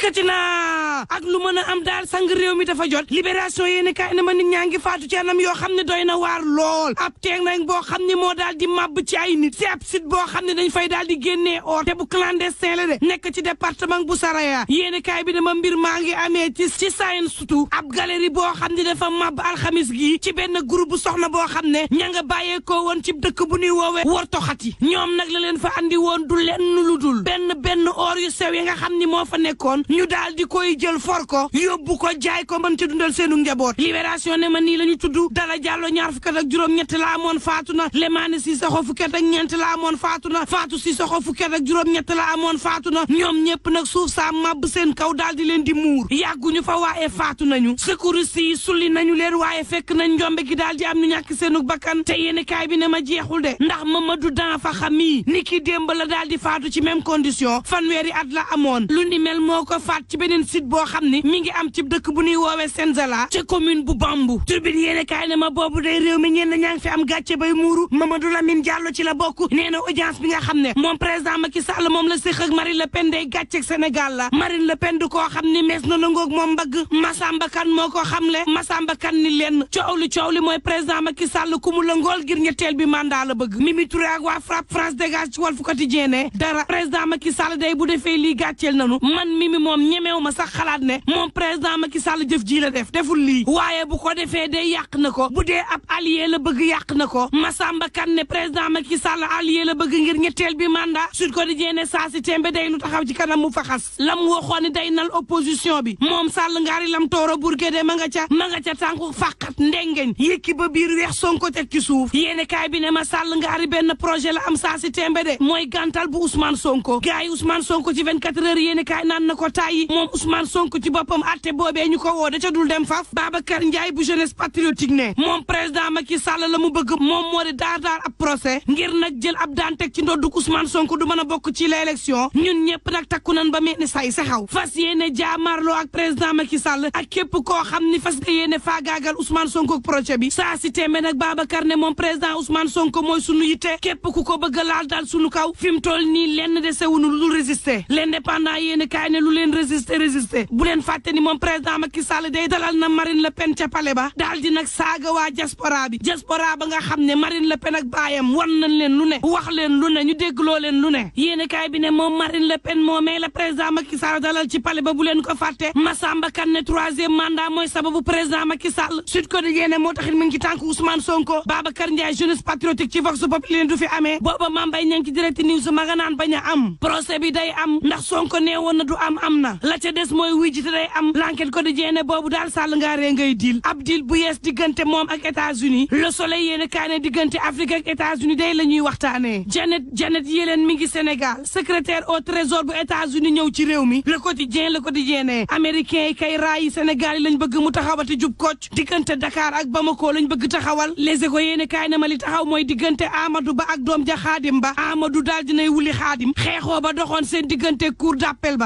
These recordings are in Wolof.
dikkati na ak lu mën a am daal sang réew mi dafa jot libération yéeni kaay na ma nit ñaa ngi faatu ci anam yoo xam ne doy na waar lool ab teeg nañ boo xam ni moo daal di mab ci ay nit si ab site boo xam ne dañ fay daal di génnee or te bu clandestin la de nekk ci département bu Saraya yéeni kaay bi dama mbir maa ngi amee ci ci sayen surtout ab galerie boo xam ne dafa màbb alxamis gi ci benn groupe bu soxna boo xam ne ña nga bàyyeekoo woon ci dëkk bu ñuy woowee wortoxat yi ñoom nag la leen fa andi woon du lenn lu dul benn benn or yi nga xam ni moo fa nekkoon ñu daal di koy jël for ko yóbbu ko jaay ko mën ci dundal seenu njaboot libération ne ma nii la ñu tudd dala jàllo ñaar fukkat ak juróom-ñett la amoon faatu na lemaane si saxo fukkat ak ñeent la amoon faatu na faatu si saxo fukkat ak juróom-ñett la amoon faatu na ñoom ñépp nag suuf saa màbb seen kaw daal di leen di muur yàgguñu fa waaye faatu nañu secouriste si sulli nañu leer waaye fekk nañ njombe gi daal di am ñu ñàkk seenu bakkan te yéeni kaay bi ne ma jeexul de ndax Mamadou Dan fa xam yi ni ki démb daal di faatu ci même condition fanweeri at la amoon faat ci beneen site boo xam ni mi ngi am ci dëkk bu ñuy woowee Senzala ci commune bu Bambou turbine yéene kaay ne ma boobu day réew mi ñenn ñaa ngi fi am gàcce bay muuru Mamadou Lamine Diallo ci la bokk nee na audience bi nga xam ne moom président Macky Sall moom la séq ak Marine Le Pen day gàcceeg Sénégal la Marine la Pen du koo xam ni mees na nangoog moom mbagg Massamba Kane moo ko xamle Massamba Kane ni lenn coow li coow li mooy président Macky Sall ku mu la ngool ngir ñetteel bi mandat la bëgg Mimi Touré ak waa FRAPP France Dégage ci Walf Quotidien dara président Macky Sall day bu defee lii gàcceel nanu moom wu ma sax xalaat ne moom président Macky Sall jëf ji la def deful lii waaye bu ko defee day yàq na ko bu de ab allié la bëgg yàq na ko Massamba Kane ne président Macky Sall allié la bëgg ngir ñetteel bi mandat Sud Quotidien ne saa si tembe day lu taxaw ci kanam mu faxas lam waxoon ne day nal opposition bi moom Sall ngaari lam tooro burge de ma nga ca ma nga ca tànku fàqat ndengeñ yëkki ba biir weex Sonko teg suuf yéene kaay bi ne ma Sall ngaari benn projet la am saa si tembe de mooy gàntal bu Ousmane Sonko gaay Ousmane Sonko ci 24 heures yéene kaay naan na ko ba tàyyi moom Ousmane Sonko ci boppam atte boobee ñu ko woo da ca dul dem faf Babacar Ndiaye bu jeunesse patriotique ne moom président Macky Sall moo di daar daar ab procès ngir nag jël ab daan teg ci ndoddu Ousmane Sonko du man a bokk ci l'élection ñun ñëpp nag takku nan ba mel ni say saxaw fas yéene jaamarloo ak président Macky Sall ak képp koo xam ni fas nga yéene faagaagal Ousmane Sonko ak projet bi saa si téemé nag Babacar ne moom président Ousmane Sonko mooy sunu yitte képp ku ko bëgg laal daal sunu kaw fi mu toll nii lenn de sewunu lu dul résister l'indépendant yéene kaay ne leen résister résister bu ni moom président Macky day dalal na Marine Le Pen ca palais ba daal saaga waa diaspora bi diaspora nga xam ne Marine Le Pen ak baayam wan nañ ne wax leen ne ñu déggloo leen ne yéen kaay bi ne moom Marine Le Pen moo may la président dalal ci palais ba ko fàtte Massamba Kane ne troisième mandat mooy sababu président Macky Sall Sud Quotidien ne moo taxit mi ngi ci Sonko Babacar Ndiaye jeunesse patriotique ci a am na la ca des mooy wuy ji te day am l'enquête quotidien ne boobu daal sàll ngaaree ngay diil ab diil bu yees diggante moom ak États-Unis le soleil yéen a kaane diggante Afrique ak États-Unis day la ñuy waxtaanee Janet Janet Yellen mi ngi Sénégal secrétaire au trésor bu États-Unis ñëw ci réew mi le quotidien le quotidien ne américain yi kay raayi Sénégal yi lañ bëgg mu taxawati jub kocc diggante Dakar ak Bamako lañ bëgg taxawal les éco yéen a kaay na ma li taxaw mooy diggante Amadou Ba ak doom ja Xaadim Ba Amadou daal dinay wuli Xaadim xeexoo ba doxoon seen diggante cour d'appel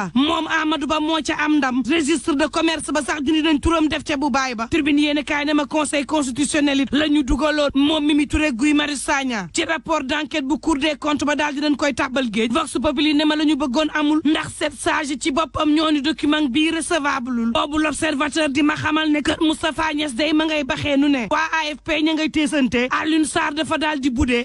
Amadou Ba moo ca am ndam registre de commerce ba sax dindi nañ turam def ca bu baay ba tribune yéen ma conseil constitutionnel it dugaloon moom Mimi Touré Guy Marius Sagna ci rapport d' bu cour des comptes ba daal dinañ koy tàbbal vox populi ne ma la bëggoon amul ndax sept sages ci boppam ñoo ni document bii recevable boobu di ma ne kër Moustapha Niass day ma ngay baxee ne waa AFP ña ngay teesante Alioune Sarr dafa daal di budee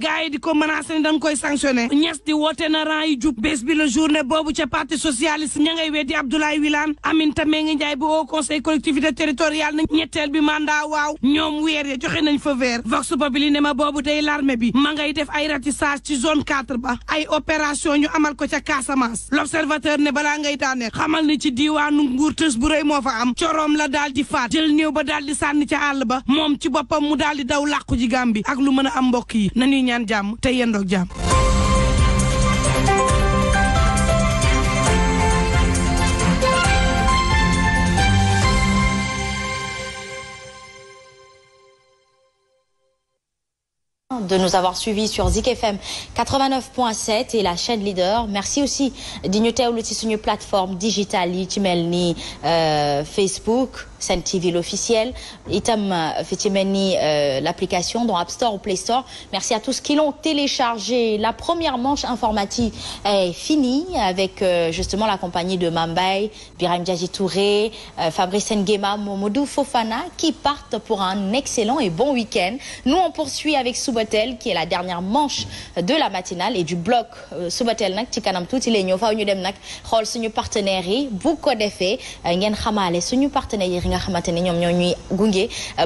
boobee di Abdoulaye Wilane Aminata Mbengue Ndiaye bu Haut Conseil collectivité teritorial na ñetteel bi mandat waaw ñoom weer ya joxe nañ fa weer vox populi ne ma boobu day l'armée bi ma ngay def ay ratissage ci zone 4 ba ay opération ñu amal ko ca Casamance l'observateur ne balaa ngay daane xamal ni ci diwaanu nguur tës bu rëy moo fa am coroom la daal di faat jël néew ba daal di sànni ca àll ba moom ci boppam mu daal di daw làqu ji bi ak lu mën a am mbokk yi nañuy ñaan jàmm te yendoog jàmm hein, de nous avoir suivis sur Zik FM 89.7 et la chaîne leader merci aussi di ñu teewlu ci suñu plateforme digitale yi ci mel ni euh, Facebook Sen TV l'officiel itam fi ci mel ni l'application dans App Store ou Play Store merci à tous qui l'ont téléchargé la première manche informatique est finie avec euh, justement la compagnie de Mambay Birame Diadji Touré euh, Fabrice Nguema Momodou Fofana qui partent pour un excellent et bon week-end nous on poursuit avec Subatel qui est la dernière manche de la matinale et du bloc euh, Subatel nag ci kanam tuuti lay ñëw faaw ñu dem nag xool suñu partenaires yi bu ko defee ngeen xamaale nga xamante ni ñoom ñoo ñuy gunge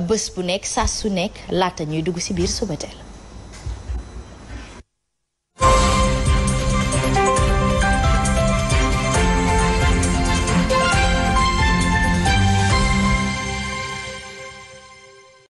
bés bu nekk saa su nekk laata ñuy dugg ci biir suba teel